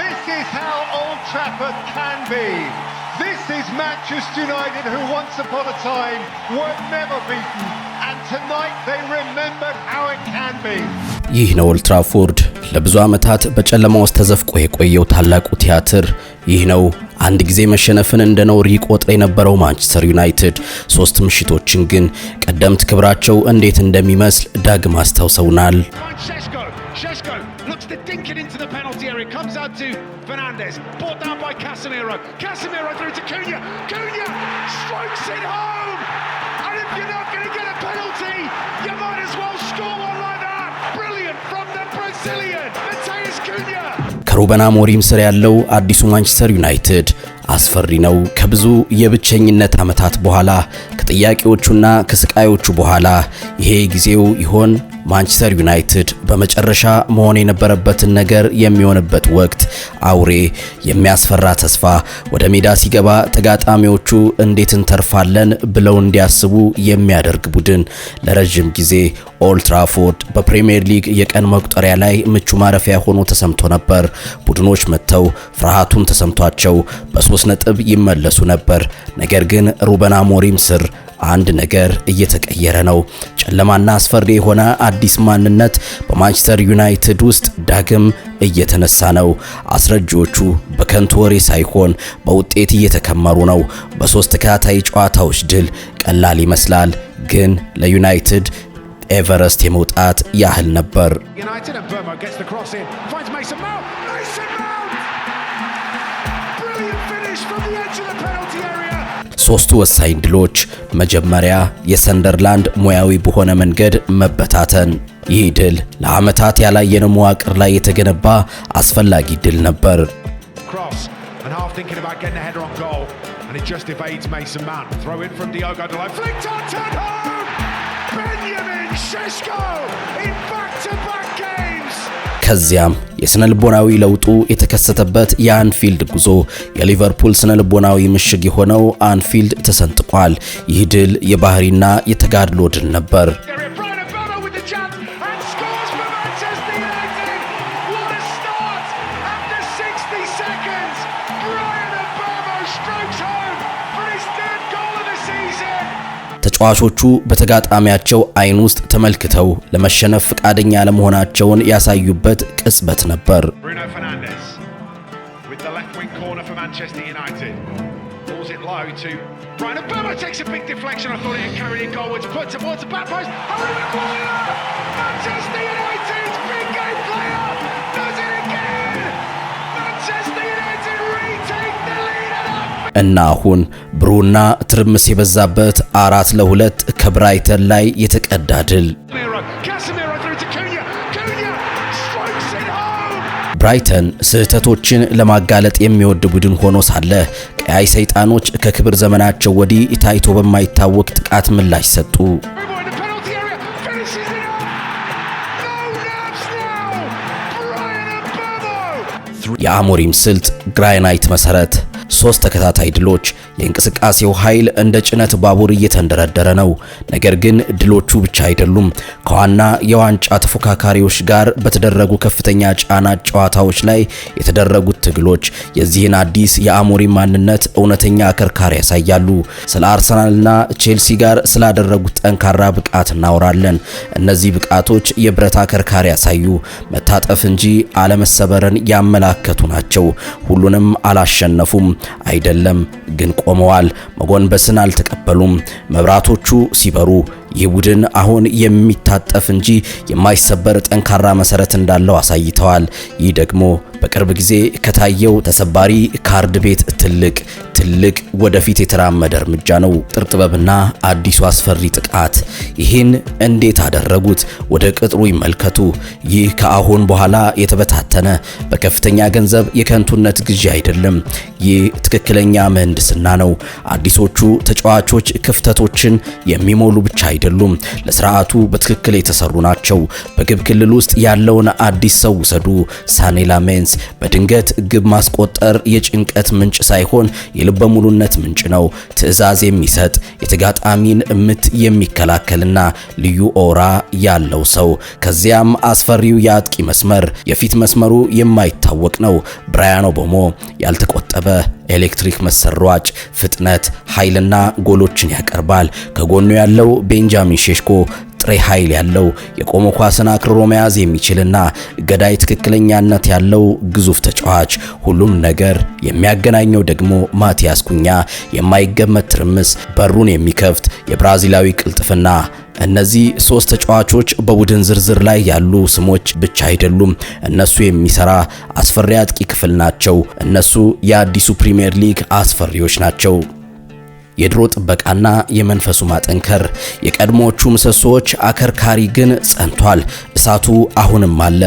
This is how Old Trafford can be. This is Manchester United, who once upon a time were never beaten. And tonight they remembered how it can be. ይህ ነው ኦልትራፎርድ ለብዙ ዓመታት በጨለማ ውስጥ ተዘፍቆ የቆየው ታላቁ ቲያትር ይህ ነው። አንድ ጊዜ መሸነፍን እንደ ነውር ይቆጥር የነበረው ማንቸስተር ዩናይትድ ሶስት ምሽቶችን ግን ቀደምት ክብራቸው እንዴት እንደሚመስል ዳግም አስታውሰውናል። forward to Fernandez. Brought down by Casemiro. Casemiro through to Cunha. Cunha strikes it home. And if you're not going to get a penalty, you might as well score one like that. Brilliant from the Brazilian, Mateus Cunha. ከሩበን አሞሪም ስር ያለው አዲሱ ማንቸስተር ዩናይትድ አስፈሪ ነው። ከብዙ የብቸኝነት ዓመታት በኋላ ከጥያቄዎቹና ከስቃዮቹ በኋላ ይሄ ጊዜው ይሆን ማንቸስተር ዩናይትድ በመጨረሻ መሆን የነበረበትን ነገር የሚሆንበት ወቅት አውሬ፣ የሚያስፈራ ተስፋ ወደ ሜዳ ሲገባ ተጋጣሚዎቹ እንዴት እንተርፋለን ብለው እንዲያስቡ የሚያደርግ ቡድን። ለረዥም ጊዜ ኦልትራፎርድ በፕሪሚየር ሊግ የቀን መቁጠሪያ ላይ ምቹ ማረፊያ ሆኖ ተሰምቶ ነበር። ቡድኖች መጥተው ፍርሃቱን ተሰምቷቸው በሶስት ነጥብ ይመለሱ ነበር። ነገር ግን ሩበን አሞሪም ስር አንድ ነገር እየተቀየረ ነው። ጨለማና አስፈሪ የሆነ አዲስ ማንነት በማንቸስተር ዩናይትድ ውስጥ ዳግም እየተነሳ ነው። አስረጂዎቹ በከንቱ ወሬ ሳይሆን በውጤት እየተከመሩ ነው። በሶስት ተከታታይ ጨዋታዎች ድል ቀላል ይመስላል፣ ግን ለዩናይትድ ኤቨረስት የመውጣት ያህል ነበር። ሶስቱ ወሳኝ ድሎች መጀመሪያ የሰንደርላንድ ሙያዊ በሆነ መንገድ መበታተን ይህ ድል ለዓመታት ያላየነው መዋቅር ላይ የተገነባ አስፈላጊ ድል ነበር። ከዚያም የስነ ልቦናዊ ለውጡ የተከሰተበት የአንፊልድ ጉዞ የሊቨርፑል ስነ ልቦናዊ ምሽግ የሆነው አንፊልድ ተሰንጥቋል። ይህ ድል የባህሪና የተጋድሎ ድል ነበር። ተጫዋቾቹ በተጋጣሚያቸው አይን ውስጥ ተመልክተው ለመሸነፍ ፈቃደኛ ለመሆናቸውን ያሳዩበት ቅጽበት ነበር። እና አሁን ብሩና ትርምስ የበዛበት አራት ለሁለት ከብራይተን ላይ የተቀዳ ድል። ብራይተን ስህተቶችን ለማጋለጥ የሚወድ ቡድን ሆኖ ሳለ ቀያይ ሰይጣኖች ከክብር ዘመናቸው ወዲህ ታይቶ በማይታወቅ ጥቃት ምላሽ ሰጡ። የአሞሪም ስልት ግራናይት መሰረት ሶስት ተከታታይ ድሎች። የእንቅስቃሴው ኃይል እንደ ጭነት ባቡር እየተንደረደረ ነው። ነገር ግን ድሎቹ ብቻ አይደሉም። ከዋና የዋንጫ ተፎካካሪዎች ጋር በተደረጉ ከፍተኛ ጫና ጨዋታዎች ላይ የተደረጉት ትግሎች የዚህን አዲስ የአሞሪ ማንነት እውነተኛ አከርካሪ ያሳያሉ። ስለ አርሰናልና ቼልሲ ጋር ስላደረጉት ጠንካራ ብቃት እናወራለን። እነዚህ ብቃቶች የብረት አከርካሪ ያሳዩ፣ መታጠፍ እንጂ አለመሰበርን ያመላከቱ ናቸው። ሁሉንም አላሸነፉም። አይደለም፣ ግን ቆመዋል። መጎንበስን አልተቀበሉም። መብራቶቹ ሲበሩ ይህ ቡድን አሁን የሚታጠፍ እንጂ የማይሰበር ጠንካራ መሰረት እንዳለው አሳይተዋል። ይህ ደግሞ በቅርብ ጊዜ ከታየው ተሰባሪ ካርድ ቤት ትልቅ ትልቅ ወደፊት የተራመደ እርምጃ ነው። ጥርጥበብና አዲሱ አስፈሪ ጥቃት። ይህን እንዴት አደረጉት? ወደ ቅጥሩ ይመልከቱ። ይህ ከአሁን በኋላ የተበታተነ በከፍተኛ ገንዘብ የከንቱነት ግዢ አይደለም። ይህ ትክክለኛ ምህንድስና ነው። አዲሶቹ ተጫዋቾች ክፍተቶችን የሚሞሉ ብቻ አይደሉም፣ ለስርዓቱ በትክክል የተሰሩ ናቸው። በግብ ክልል ውስጥ ያለውን አዲስ ሰው ውሰዱ። ሳኔ ላሜንስ በድንገት ግብ ማስቆጠር የጭንቀት ምንጭ ሳይሆን የልበ ሙሉነት ምንጭ ነው። ትዕዛዝ የሚሰጥ የተጋጣሚን ምት የሚከላከልና ልዩ ኦራ ያለው ሰው። ከዚያም አስፈሪው የአጥቂ መስመር፣ የፊት መስመሩ የማይታወቅ ነው። ብራያን ቦሞ ያልተቆጠበ ኤሌክትሪክ መሰሯጭ፣ ፍጥነት፣ ኃይልና ጎሎችን ያቀርባል። ከጎኑ ያለው ቤንጃሚን ሼሽኮ ጥሬ ኃይል ያለው የቆመ ኳስን አክርሮ መያዝ የሚችልና ገዳይ ትክክለኛነት ያለው ግዙፍ ተጫዋች። ሁሉም ነገር የሚያገናኘው ደግሞ ማቲያስ ኩኛ፣ የማይገመት ትርምስ፣ በሩን የሚከፍት የብራዚላዊ ቅልጥፍና። እነዚህ ሶስት ተጫዋቾች በቡድን ዝርዝር ላይ ያሉ ስሞች ብቻ አይደሉም። እነሱ የሚሰራ አስፈሪ አጥቂ ክፍል ናቸው። እነሱ የአዲሱ ፕሪሚየር ሊግ አስፈሪዎች ናቸው። የድሮ ጥበቃና የመንፈሱ ማጠንከር የቀድሞዎቹ ምሰሶዎች አከርካሪ ግን ጸንቷል። እሳቱ አሁንም አለ።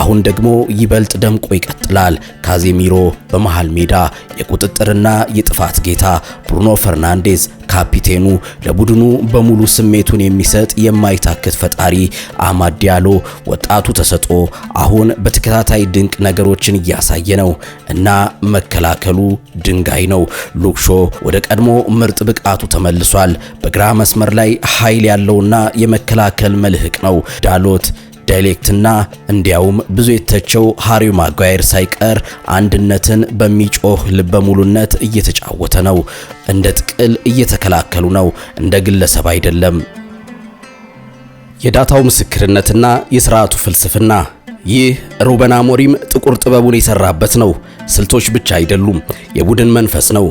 አሁን ደግሞ ይበልጥ ደምቆ ይቀጥላል። ካዜሚሮ በመሃል ሜዳ የቁጥጥርና የጥፋት ጌታ፣ ብሩኖ ፈርናንዴዝ ካፒቴኑ፣ ለቡድኑ በሙሉ ስሜቱን የሚሰጥ የማይታክት ፈጣሪ አማድ ዲያሎ፣ ወጣቱ ተሰጦ አሁን በተከታታይ ድንቅ ነገሮችን እያሳየ ነው እና መከላከሉ ድንጋይ ነው። ሉክሾ ወደ ቀድሞ ምርጥ የመሮጥ ብቃቱ ተመልሷል። በግራ መስመር ላይ ኃይል ያለውና የመከላከል መልህቅ ነው። ዳሎት ዳይሌክትና እንዲያውም ብዙ የተቸው ሃሪው ማጓየር ሳይቀር አንድነትን በሚጮህ ልበሙሉነት እየተጫወተ ነው። እንደ ጥቅል እየተከላከሉ ነው፣ እንደ ግለሰብ አይደለም። የዳታው ምስክርነትና የስርዓቱ ፍልስፍና ይህ ሩበን አሞሪም ጥቁር ጥበቡን የሰራበት ነው። ስልቶች ብቻ አይደሉም፣ የቡድን መንፈስ ነው።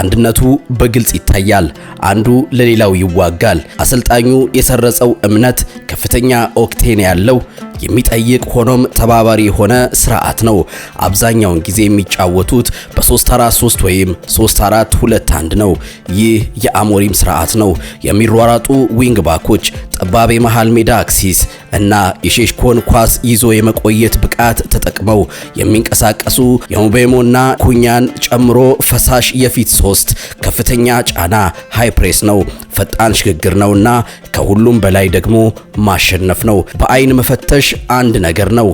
አንድነቱ በግልጽ ይታያል። አንዱ ለሌላው ይዋጋል። አሰልጣኙ የሰረጸው እምነት ከፍተኛ ኦክቴን ያለው የሚጠይቅ ሆኖም ተባባሪ የሆነ ስርዓት ነው። አብዛኛውን ጊዜ የሚጫወቱት በ343 ወይም 342 አንድ ነው። ይህ የአሞሪም ስርዓት ነው። የሚሯራጡ ዊንግ ባኮች ጠባብ የመሃል ሜዳ አክሲስ እና የሼሽኮን ኳስ ይዞ የመቆየት ብቃት ተጠቅመው የሚንቀሳቀሱ የሙቤሞና ኩኛን ጨምሮ ፈሳሽ የፊት ሶስት ከፍተኛ ጫና ሃይ ፕሬስ ነው፣ ፈጣን ሽግግር ነውና ከሁሉም በላይ ደግሞ ማሸነፍ ነው። በአይን መፈተሽ አንድ ነገር ነው፣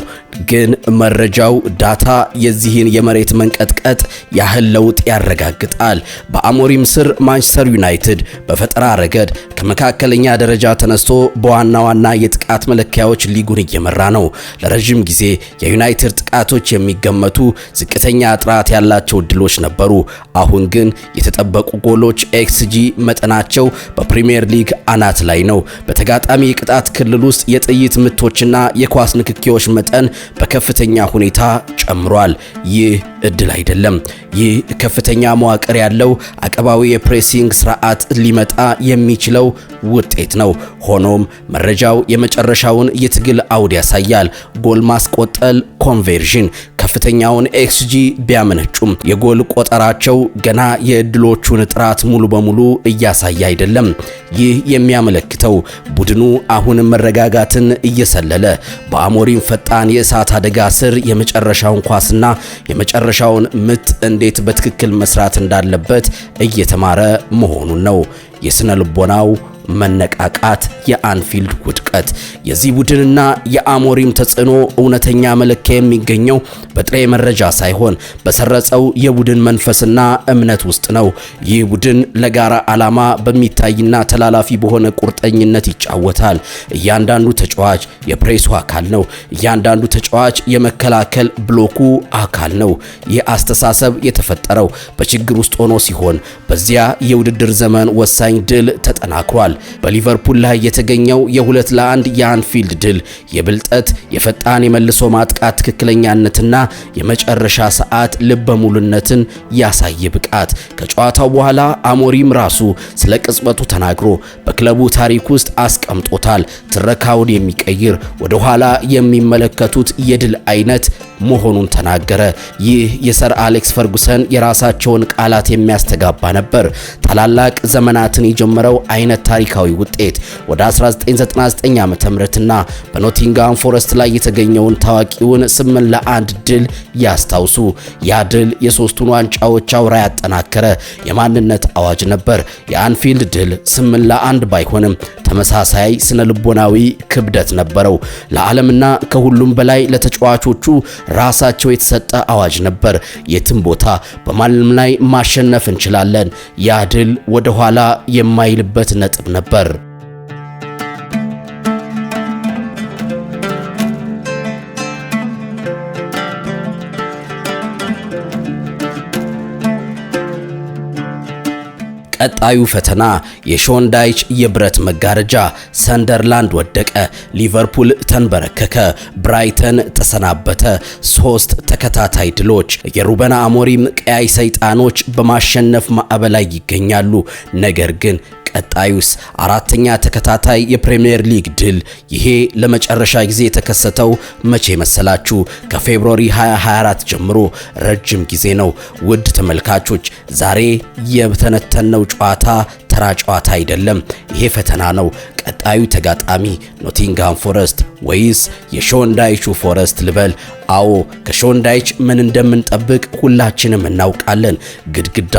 ግን መረጃው ዳታ የዚህን የመሬት መንቀጥቀጥ ያህል ለውጥ ያረጋግጣል። በአሞሪም ስር ማንቸስተር ዩናይትድ በፈጠራ ረገድ ከመካከለኛ ደረጃ ተነስቶ በዋና ዋና የጥቃት መለኪያዎች ሊጉን እየመራ ነው። ለረዥም ጊዜ የዩናይትድ ጥቃቶች የሚገመቱ ዝቅተኛ ጥራት ያላቸው እድሎች ነበሩ። አሁን ግን የተጠበቁ ጎሎች ኤክስጂ መጠናቸው በፕሪሚየር ሊግ አናት ላይ ነው። በተጋጣሚ የቅጣት ክልል ውስጥ የጥይት ምቶችና የኳስ ንክኪዎች መጠን በከፍተኛ ሁኔታ ጨምሯል። ይህ እድል አይደለም። ይህ ከፍተኛ መዋቅር ያለው አቀባዊ የፕሬሲንግ ስርዓት ሊመጣ የሚችለው ውጤት ነው ሆኖ ነውም። መረጃው የመጨረሻውን የትግል አውድ ያሳያል። ጎል ማስቆጠል ኮንቨርዥን ከፍተኛውን ኤክስጂ ቢያመነጩም የጎል ቆጠራቸው ገና የእድሎቹን ጥራት ሙሉ በሙሉ እያሳየ አይደለም። ይህ የሚያመለክተው ቡድኑ አሁን መረጋጋትን እየሰለለ በአሞሪም ፈጣን የእሳት አደጋ ስር የመጨረሻውን ኳስና የመጨረሻውን ምት እንዴት በትክክል መስራት እንዳለበት እየተማረ መሆኑን ነው። የስነ ልቦናው መነቃቃት የአንፊልድ ውድቀት የዚህ ቡድንና የአሞሪም ተጽዕኖ እውነተኛ መለኪያ የሚገኘው በጥሬ መረጃ ሳይሆን በሰረጸው የቡድን መንፈስና እምነት ውስጥ ነው። ይህ ቡድን ለጋራ ዓላማ በሚታይና ተላላፊ በሆነ ቁርጠኝነት ይጫወታል። እያንዳንዱ ተጫዋች የፕሬሱ አካል ነው። እያንዳንዱ ተጫዋች የመከላከል ብሎኩ አካል ነው። ይህ አስተሳሰብ የተፈጠረው በችግር ውስጥ ሆኖ ሲሆን በዚያ የውድድር ዘመን ወሳኝ ወሳኝ ድል ተጠናክሯል። በሊቨርፑል ላይ የተገኘው የሁለት ለአንድ የአንፊልድ ድል የብልጠት የፈጣን የመልሶ ማጥቃት ትክክለኛነትና የመጨረሻ ሰዓት ሙሉነትን ያሳየ ብቃት ከጨዋታው በኋላ አሞሪም ራሱ ስለ ቅጽበቱ ተናግሮ በክለቡ ታሪክ ውስጥ አስቀምጦታል። ትረካውን የሚቀይር ወደ ኋላ የሚመለከቱት የድል አይነት መሆኑን ተናገረ። ይህ የሰር አሌክስ ፈርጉሰን የራሳቸውን ቃላት የሚያስተጋባ ነበር። ታላላቅ ዘመናትን የጀመረው አይነት ታሪካዊ ውጤት ወደ 1999 ም እና በኖቲንጋም ፎረስት ላይ የተገኘውን ታዋቂውን ስምን ለአንድ ድል ያስታውሱ። ያ ድል የሶስቱን ዋንጫዎች አውራ ያጠናከረ የማንነት አዋጅ ነበር። የአንፊልድ ድል ስምን ለአንድ ባይሆንም ተመሳሳይ ስነ ልቦናዊ ክብደት ነበረው። ለዓለምና ከሁሉም በላይ ለተጫዋቾቹ ራሳቸው የተሰጠ አዋጅ ነበር። የትም ቦታ በማንም ላይ ማሸነፍ እንችላለን። ያ ድል ወደ ኋላ የማይልበት ነጥብ ነበር። ቀጣዩ ፈተና የሾንዳይች የብረት መጋረጃ። ሰንደርላንድ ወደቀ፣ ሊቨርፑል ተንበረከከ፣ ብራይተን ተሰናበተ። ሶስት ተከታታይ ድሎች። የሩበን አሞሪም ቀያይ ሰይጣኖች በማሸነፍ ማዕበል ላይ ይገኛሉ። ነገር ግን ቀጣዩስ አራተኛ ተከታታይ የፕሪሚየር ሊግ ድል። ይሄ ለመጨረሻ ጊዜ የተከሰተው መቼ መሰላችሁ? ከፌብሩዋሪ 2024 ጀምሮ ረጅም ጊዜ ነው። ውድ ተመልካቾች ዛሬ የተነተነው ጨዋታ ተራ ጨዋታ አይደለም። ይሄ ፈተና ነው። ቀጣዩ ተጋጣሚ ኖቲንግሃም ፎረስት ወይስ የሾንዳይቹ ፎረስት ልበል? አዎ ከሾንዳይች ምን እንደምንጠብቅ ሁላችንም እናውቃለን። ግድግዳ፣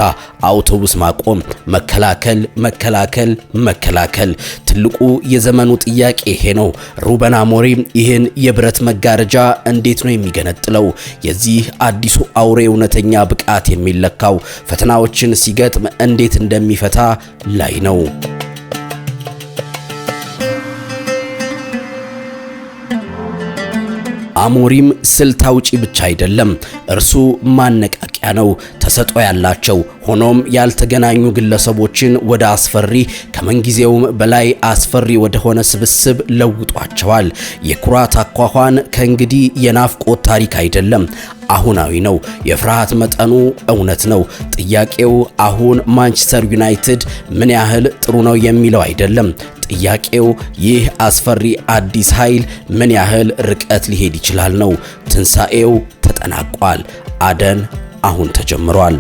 አውቶቡስ ማቆም፣ መከላከል፣ መከላከል፣ መከላከል። ትልቁ የዘመኑ ጥያቄ ይሄ ነው። ሩበን አሞሪም ይህን የብረት መጋረጃ እንዴት ነው የሚገነጥለው? የዚህ አዲሱ አውሬ እውነተኛ ብቃት የሚለካው ፈተናዎችን ሲገጥም እንዴት እንደሚፈታ ላይ ነው። አሞሪም ስልት አውጪ ብቻ አይደለም፣ እርሱ ማነቃቂያ ነው ተሰጦ ያላቸው ሆኖም ያልተገናኙ ግለሰቦችን ወደ አስፈሪ ከምንጊዜውም በላይ አስፈሪ ወደሆነ ስብስብ ለውጧቸዋል። የኩራት አኳኋን ከእንግዲህ የናፍቆት ታሪክ አይደለም፣ አሁናዊ ነው። የፍርሃት መጠኑ እውነት ነው። ጥያቄው አሁን ማንቸስተር ዩናይትድ ምን ያህል ጥሩ ነው የሚለው አይደለም። ጥያቄው ይህ አስፈሪ አዲስ ኃይል ምን ያህል ርቀት ሊሄድ ይችላል ነው። ትንሣኤው ተጠናቋል። አደን አሁን ተጀምሯል።